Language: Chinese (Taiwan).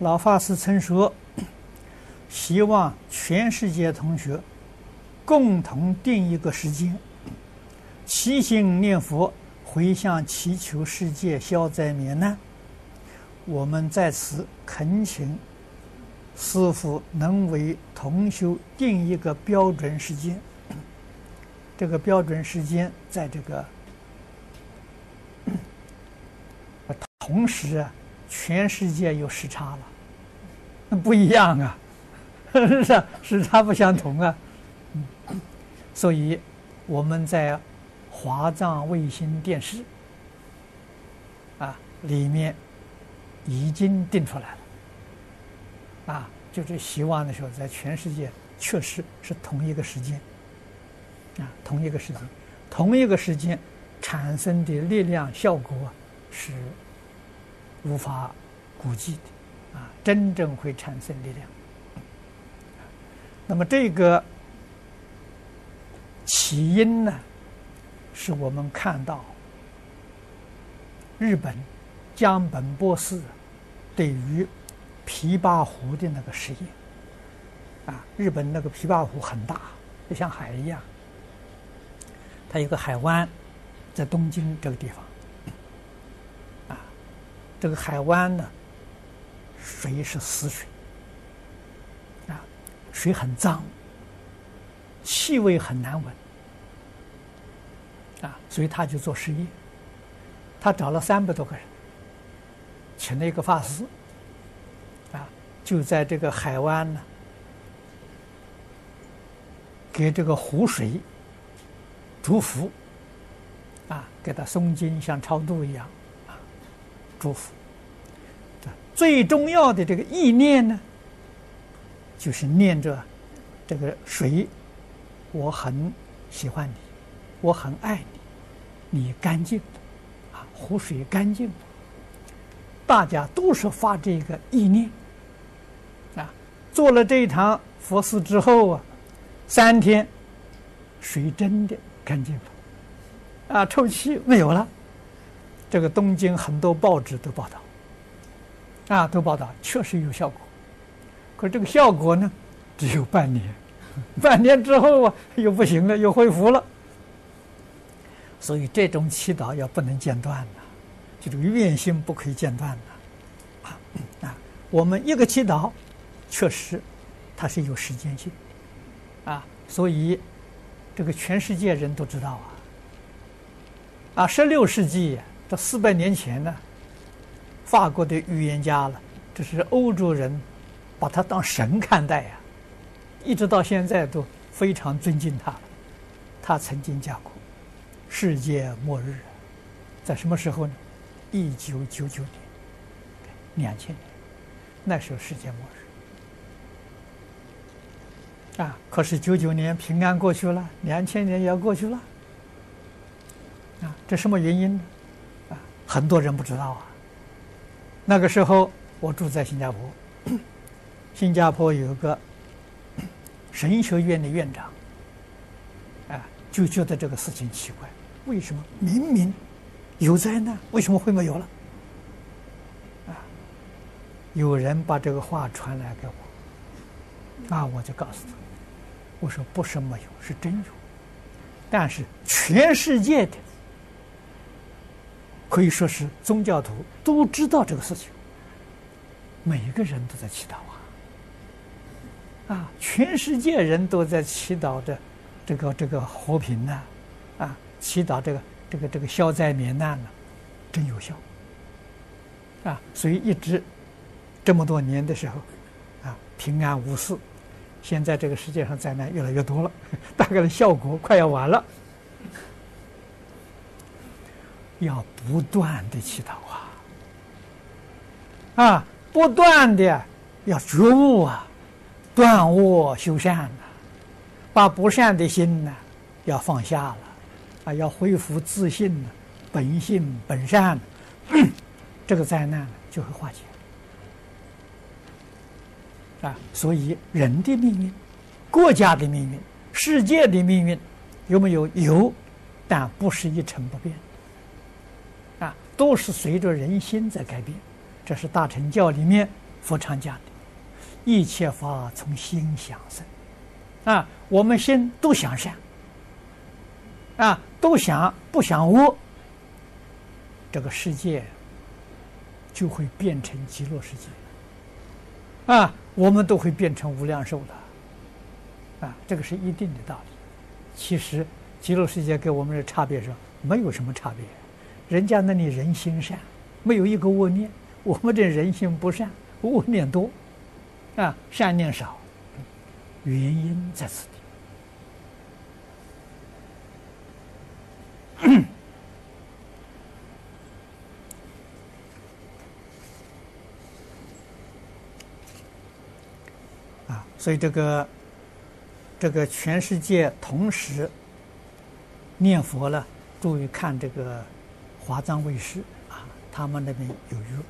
老法師曾說：“希望全世界同學共同定一個時間，齊心念佛，迴向祈求世界消災免難。”我們在此懇請師父能為同修定一個標準時間。這個標準時間，在這個同時啊。全世界有時差了，那不一樣啊，是啊，時差不相同啊，嗯，所以我們在華藏衛星電視啊裡面已經定出來了，啊，就是希望的時候，在全世界確實是同一個時間啊，同一個時間，同一個時間產生的力量效果是。無法估計的啊，真正會產生力量。那麼這個起因呢，是我們看到日本江本博士對於琵琶湖的那個實驗啊，日本那個琵琶湖很大，就像海一樣，它有個海灣，在東京這個地方。這個海灣呢，水是死水，啊，水很髒，氣味很難聞，啊，所以他就做實驗，他找了三百多個人，請了一個法師，啊，就在這個海灣呢，給這個湖水祝福，啊，給他誦經，像超度一樣。祝福，最重要的這個意念呢，就是念着這個水，我很喜歡你，我很愛你，你乾淨，啊，湖水乾淨，大家都是發這個意念，啊，做了這一堂佛事之後啊，三天水真的乾淨了，啊，臭氣沒有了。這個東京很多報紙都報道，啊，都報道確實有效果。可是這個效果呢，只有半年，半年之後啊又不行了，又恢復了。所以這種祈禱要不能間斷的，這種願心不可以間斷的，啊啊，我們一個祈禱，確實它是有時間性，啊，所以這個全世界人都知道啊，啊，十六世紀。這四百年前呢，法國的預言家了，這是歐洲人把他當神看待呀、啊，一直到現在都非常尊敬他。他曾經講過，世界末日在什麼時候呢？一九九九年，兩千年，那時候世界末日啊！可是九九年平安過去了，兩千年也要過去了啊！這什麼原因呢？很多人不知道啊。那個時候我住在新加坡，新加坡有個神學院的院長，啊，就覺得這個事情奇怪，為什麼明明有災難，為什麼會沒有了？啊，有人把這個話傳來給我，那我就告訴他，我說不是沒有，是真有，但是全世界的。可以說是宗教徒都知道這個事情，每一個人都在祈禱啊，啊，全世界人都在祈禱着，這個，這個這個和平呢，啊，啊，祈禱這個這個這個消災免難呢，啊，真有效。啊，所以一直這麼多年的時候，啊，平安無事。現在這個世界上災難越來越多了，大概的效果快要完了。要不斷的祈禱啊，啊，不斷的要覺悟啊，斷惡修善了，啊，把不善的心呢要放下了啊，要恢復自信了，啊，本性本善，啊，這個災難呢就會化解啊。所以人的命運、國家的命運、世界的命運有沒有？有，但不是一成不變。都是隨着人心在改變，這是大乘教裡面佛常講的，一切法從心想生，啊，我們心都想善，啊，都想不想污，這個世界就會變成極樂世界了，啊，我們都會變成無量壽的，啊，這個是一定的道理。其實極樂世界跟我們的差別是沒有什麼差別。人家那裡人心善，沒有一個惡念；我們這人心不善，惡念多，啊，善念少，原因在此地。啊，所以這個，這個全世界同時念佛了，注意看這個。華藏衛視啊，他們那邊有約。